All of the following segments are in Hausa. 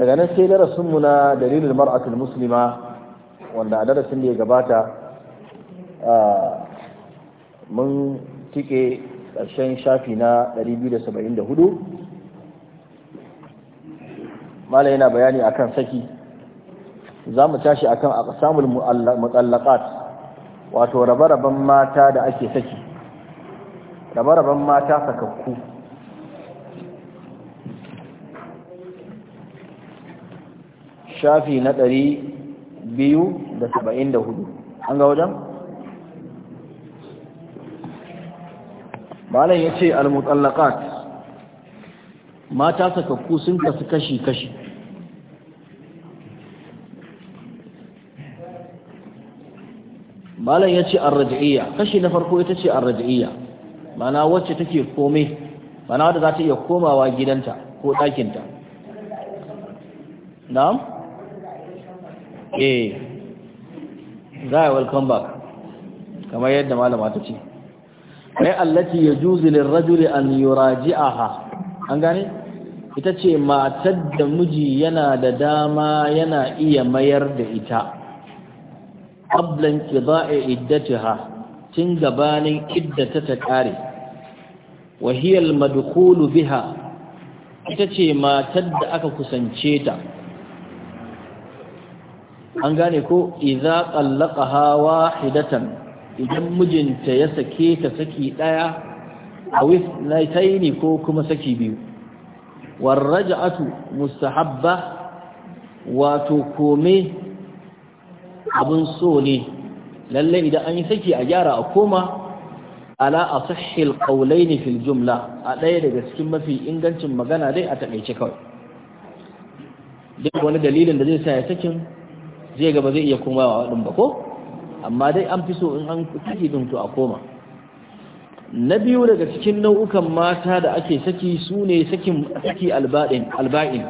daga nan sai darasinmu na dalilin mar'atul muslima wanda a darasin da ya gabata mun cike ƙarshen shafi na 274 mala yana bayani akan saki za mu tashi akan samun mutallaqat wato rabe-raben mata da ake saki rabe-raben mata sakakku shafi na ɗari biyu da saba'in da hudu an ga wajen? malam ya ce almutallakat mata sakakku sun kasu kashi-kashi malam ya ce arraja'iyya kashi na farko ita ce arraja'iyya mana wacce take komai mana wadda za ta iya komawa gidanta ko ɗakinta na'am eh za a welcome back kamar yadda malama ta ce ai allati yajuzu lirrajuli an yuraji'aha an gane ita ce matar da miji yana da dama yana iya mayar da ita ablan qida'i iddatiha tun gabanin iddata ta kare wa hiya al biha ita ce matar da aka kusance ta an gane ko idza qallaqaha wahidatan idan mijinta ya sake ta saki daya aw ithnaitaini ko kuma saki biyu raj'atu mustahabba wato kome abun so ne lalle idan an yi saki a gyara a koma ala asahhi ne fil jumla a daya daga cikin mafi ingancin magana dai a takeice kawai duk wani dalilin da zai sa ya sakin zai gaba zai iya komawa din ba ko amma dai an fi so in an saki din to a koma na biyu daga cikin nau'ukan mata da ake saki su ne sakin saki alba'in alba'in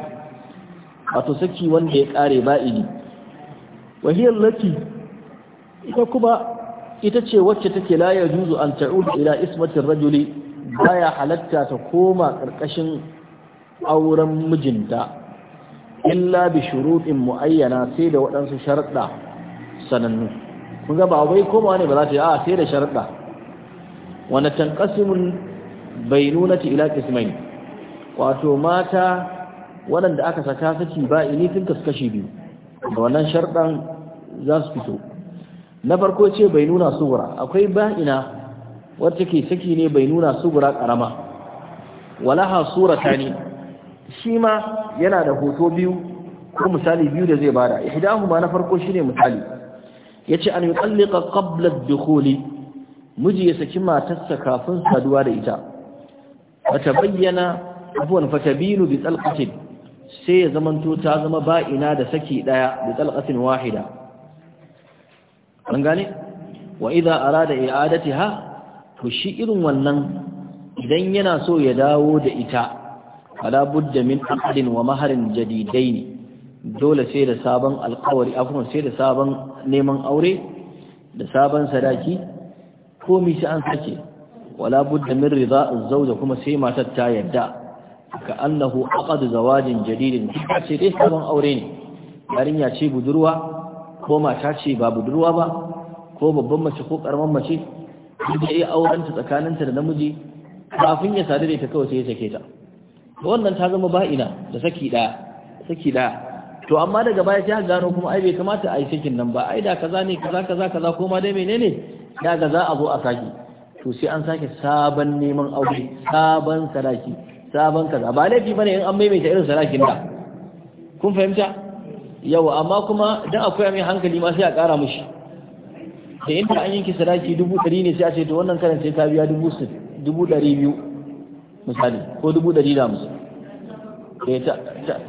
wato saki wanda ya kare ba'ini wahiyar laki ita kuma ita ce wacce take la ya juzu an ta'ud ila ismatin rajuli baya halatta ta koma karkashin auren mijinta illa bi shurutin muayyana sai da waɗansu sharuɗa sanannu kun ga ba wai komawa ne ba za ta yi a sai da sharuɗa bai nuna bainunati ila qismain wato mata waɗanda aka saka saki ba ini tun kashi biyu da wannan sharɗan za su fito na farko ce bai nuna sugura akwai ina. wacce ke saki ne bai nuna sugura ƙarama walaha surata ne shi ma yana da hoto biyu ko misali biyu da zai bada ihdahuma na farko shine misali yace an yutalliqa qabla ad-dukhuli miji ya saki matarsa kafin saduwa da ita bata bayyana abuwan fatabinu bi talqatin sai ya zamanto ta zama ba'ina da saki daya bi talqatin wahida an gane wa idza arada i'adatiha to shi irin wannan idan yana so ya dawo da ita fala budda min maharin jaridai ne. dole sai da sabon alkawari afwan sai da sabon neman aure da sabon sadaki ko mi sai an sake wala budda min rida az-zawj kuma sai matar ta yarda. ka annahu aqad zawajin jadidin sai dai sabon aure ne yarinya ce budurwa ko mata ce ba budurwa ba ko babban mace ko karaman mace duk da iya tsakaninta da namiji kafin ya sadu da ita kawai sai ya sake ta wannan ta zama ba'ina da saki da saki da to amma daga baya sai gano kuma ai bai kamata a yi sakin nan ba ai da kaza ne kaza kaza kaza ko ma dai menene da ga za a zo a saki to sai an sake sabon neman aure sabon sadaki sabon kaza ba laifi bane in an maimaita irin sadakin da kun fahimta yawa amma kuma dan akwai mai hankali ma sai a kara mishi da inda an yanki sadaki dubu ɗari ne sai a ce to wannan karanta sai biya dubu ɗari biyu misali ko dubu ɗari da hamsin eh,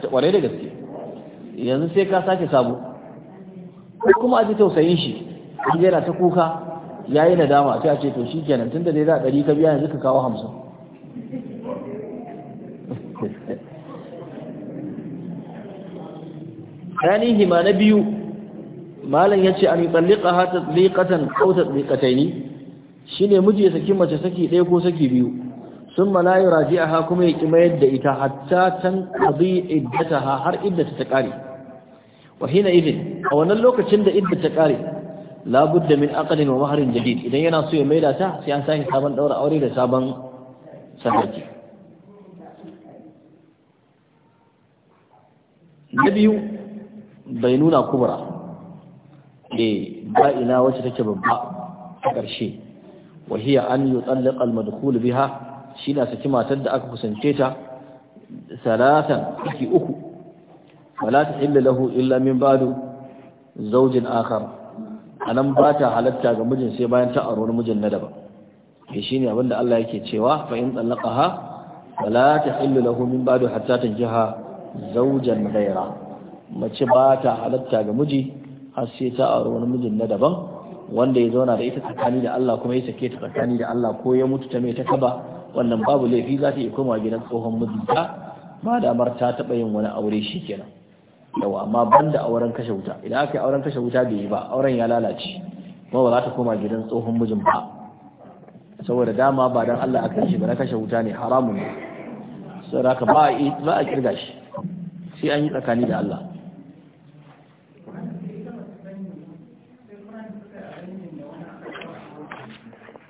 ƙwarai da gaske yanzu sai ka sake sabo ko kuma a ji tausayin shi an jera ta kuka ya yi nadama sai a ce to shi kenan tun da dai za a ɗari ka biya yanzu ka kawo hamsin hima na biyu. malam ya ce an tsallika ha tatliqatan aw tatliqataini shine miji ya saki mace saki ɗaya ko saki biyu sun la yuraji'aha kuma ya kima yadda ita hatta tan qadi iddataha har iddata ta kare wa hina idin a wannan lokacin da iddata ta kare la budda min aqdin wa maharin jadid idan yana so ya maida ta sai an sake sabon daura aure da sabon sadaki na biyu bai nuna kubra E, ba ina wacce take babba a ƙarshe وهي أن يطلق المدخول بها shi na saki matar da aka kusance ta salatan iki uku wala illa lahu illa min ba'du zawjin akhar anan ba ta halatta ga mijin sai bayan ta aure mijin na daban eh, shi ne abinda Allah yake cewa fa in talaqaha wala ta illa lahu min ba'du hatta tanjaha zawjan ghayra mace ba ta halatta ga miji har sai ta aro wani mijin na daban wanda ya zauna da ita tsakani da Allah kuma ya sake ta tsakani da Allah ko ya mutu ta mai ta kaba wannan babu laifi za ta iya koma gidan tsohon mijinta ba da ta taɓa yin wani aure shi kenan yau amma ban da auren kashe wuta idan aka yi auren kashe wuta bai yi ba auren ya lalace kuma ba za ta koma gidan tsohon mijin ba saboda dama ba dan Allah aka shi ba na kashe wuta ne haramun ne saboda haka ba a ba a kirga shi sai an yi tsakani da Allah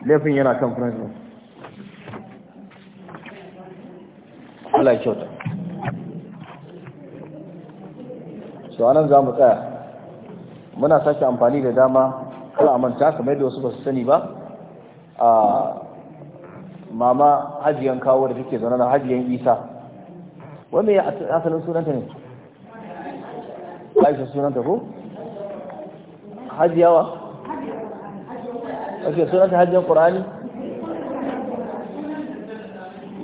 laifin yana kan Francis Allah kyauta so anan za mu tsaya muna sake amfani da dama kala manta kamar da wasu ba su sani ba a mama hajiyan kawo da take zaune na hajiyan isa wanda ya asalin sunanta ne aisha sunanta ko hajiyawa ake sunanta hajiyan ƙorani? ƙurani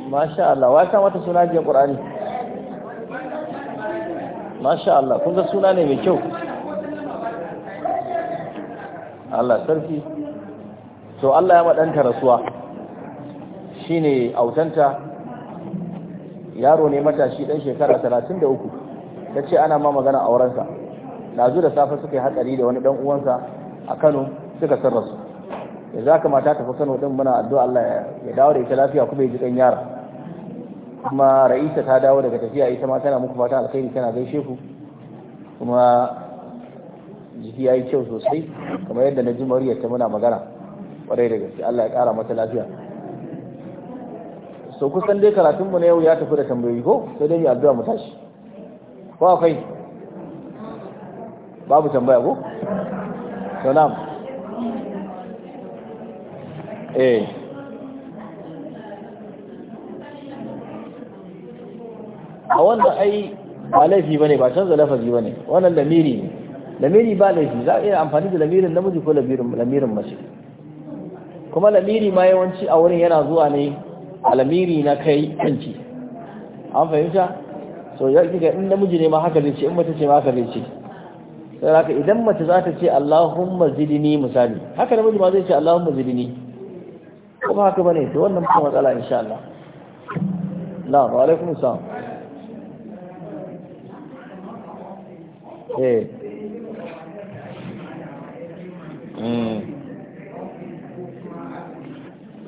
masha Allah wa sa mata suna jiya ƙur'ani masha Allah kun ga suna ne mai kyau Allah sarki to Allah ya maɗanta rasuwa shine autanta yaro ne matashi dan shekara talatin da uku ta ce ana ma magana aurensa dazu da safe suka yi hatsari da wani dan uwansa a kano suka sarrasu yanzu haka mata tafi kano ɗin muna addu'a Allah ya dawo da ita lafiya kuma ya ji ɗan yara kuma ra'isa ta dawo daga tafiya ita ma tana muku fatan alkhairi tana gaishe ku kuma jiki ya yi kyau sosai kamar yadda na ji muryar ta muna magana kwarai da gaske Allah ya kara mata lafiya so kusan dai karatunmu na yau ya tafi da tambayoyi ko sai dai mu addu'a mu tashi ko akwai babu tambaya ko so na'am eh a wannan ai ba laifi bane ba canza lafazi bane wannan lamiri ne lamiri ba laifi za a iya amfani da lamirin namiji ko lamirin mace kuma lamiri ma yawanci a wurin yana zuwa ne a lamiri na kai kanki an fahimta so ya kika in namiji ne ma haka zai ce in mace ce ma haka zai ce sai haka idan mace za ta ce Allahumma zidni misali haka namiji ma zai ce Allahumma zidni kuma haka bane to wannan ba matsala insha Allah na wa alaikum assalam Eh. Mm.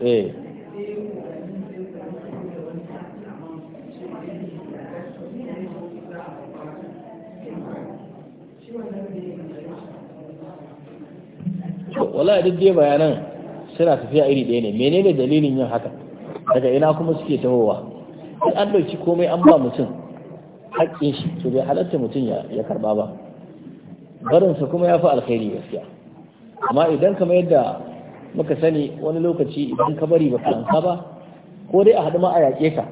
Eh. wala duk dai bayanan suna tafiya iri ɗaya ne menene dalilin yin haka daga ina kuma suke tahowa an ɗauki komai an ba mutum haƙƙin shi to bai halatta mutum ya karɓa ba barinsa kuma ya fi alkhairi gaskiya amma idan kamar yadda muka sani wani lokaci idan ka bari ba ka ba ko dai a haɗu ma a yaƙe ka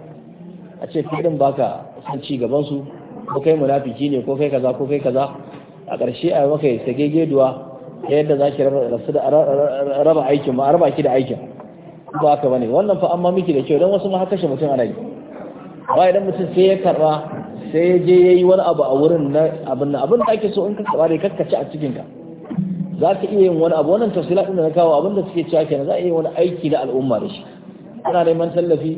a ce fiɗin baka san ci gaban su ko kai munafiki ne ko kai kaza ko kai kaza a ƙarshe a maka ya sage geduwa ta yadda za ki raba aikin ma raba ki da aikin ba haka bane wannan fa amma miki da kyau don wasu ma haka shi mutum a rai ba idan mutum sai ya karɓa sai ya je ya yi wani abu a wurin na abin da abin da ake so in ka saba dai kakkace a cikin ka za ka iya yin wani abu wannan tafsila din da na kawo abin da suke cewa kenan za a iya wani aiki na al'umma da shi ana neman tallafi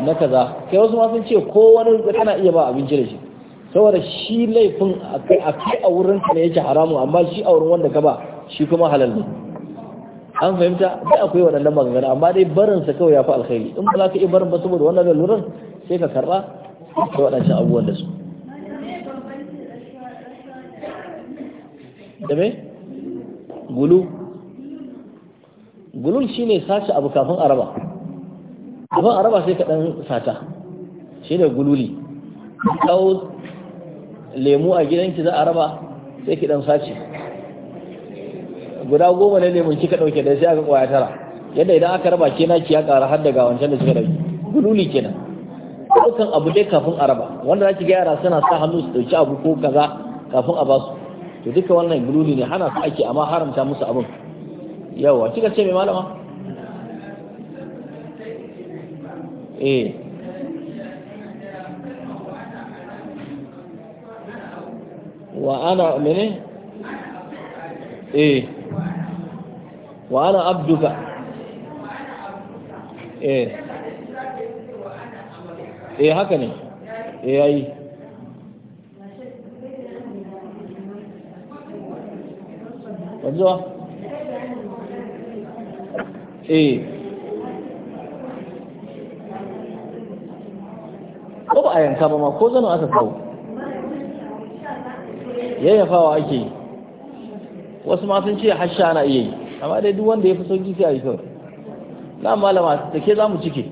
na kaza kai wasu ma sun ce ko wani kana iya ba abinci da shi saboda shi laifin a kai a wurin ka ne yake haramun amma shi a wurin wanda ka ba shi kuma halal ne an fahimta sai akwai waɗannan maganganu amma dai barinsa kawai ya fi alkhairi in ba za ka iya barin ba saboda wannan lalurar sai ka karɓa ta waɗancan abubuwan da su da me? gulu shi ne sace abu kafin araba kafin araba sai kaɗan sata, shi ne gululi kawo lemu a gidanki za a raba sai ki ɗan sace guda goma ne lemun kika ɗauke da sai aka ƙwaya tara yadda idan aka raba kena ki ya ƙara har daga wancan da suka ɗauke gululi kenan daukan abu dai kafin a raba wanda zaki ga yara suna sa hannu su dauki abu ko kaza kafin a basu to duka wannan gululi ne hana su ake amma haramta musu abin yawa kika ce mai malama eh wa ana mene eh wa ana abduka eh eh haka ne eh yayi wanzuwa eh ko ba a yanka ba ma ko zanu aka kawo yayyafawa ake yi wasu ma sun ce hasha na iya yi amma dai duk wanda ya fi sauki sai a yi kawai na malama da ke za mu cike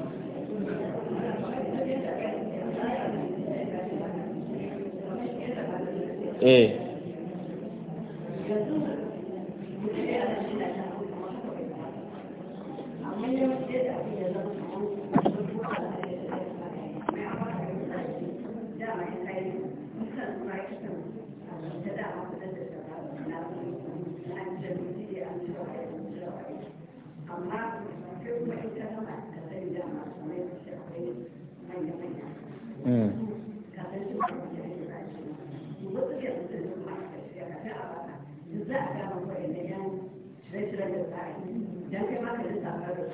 eh Mm. da aka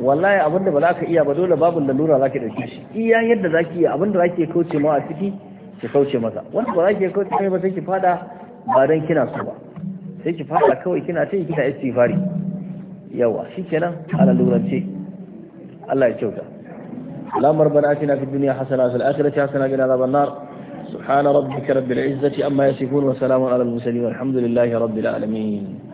wallahi abin da ba za ka iya ba dole babu lalura za ka ɗauki shi iya yadda za ki iya abin da za ki kauce ma a ciki ki kauce masa wanda ba za ki kauce mai ba sai ki fada ba dan kina so ba sai ki fada kawai kina ta yi kina istighfari yawa shikenan a lalurance Allah ya lamar bana shi na fi duniya hasana zai akira ta hasana gina zaben nar subhana rabbika rabbil izzati amma yasifun wa salamun ala al-mursalin alhamdulillahi rabbil alamin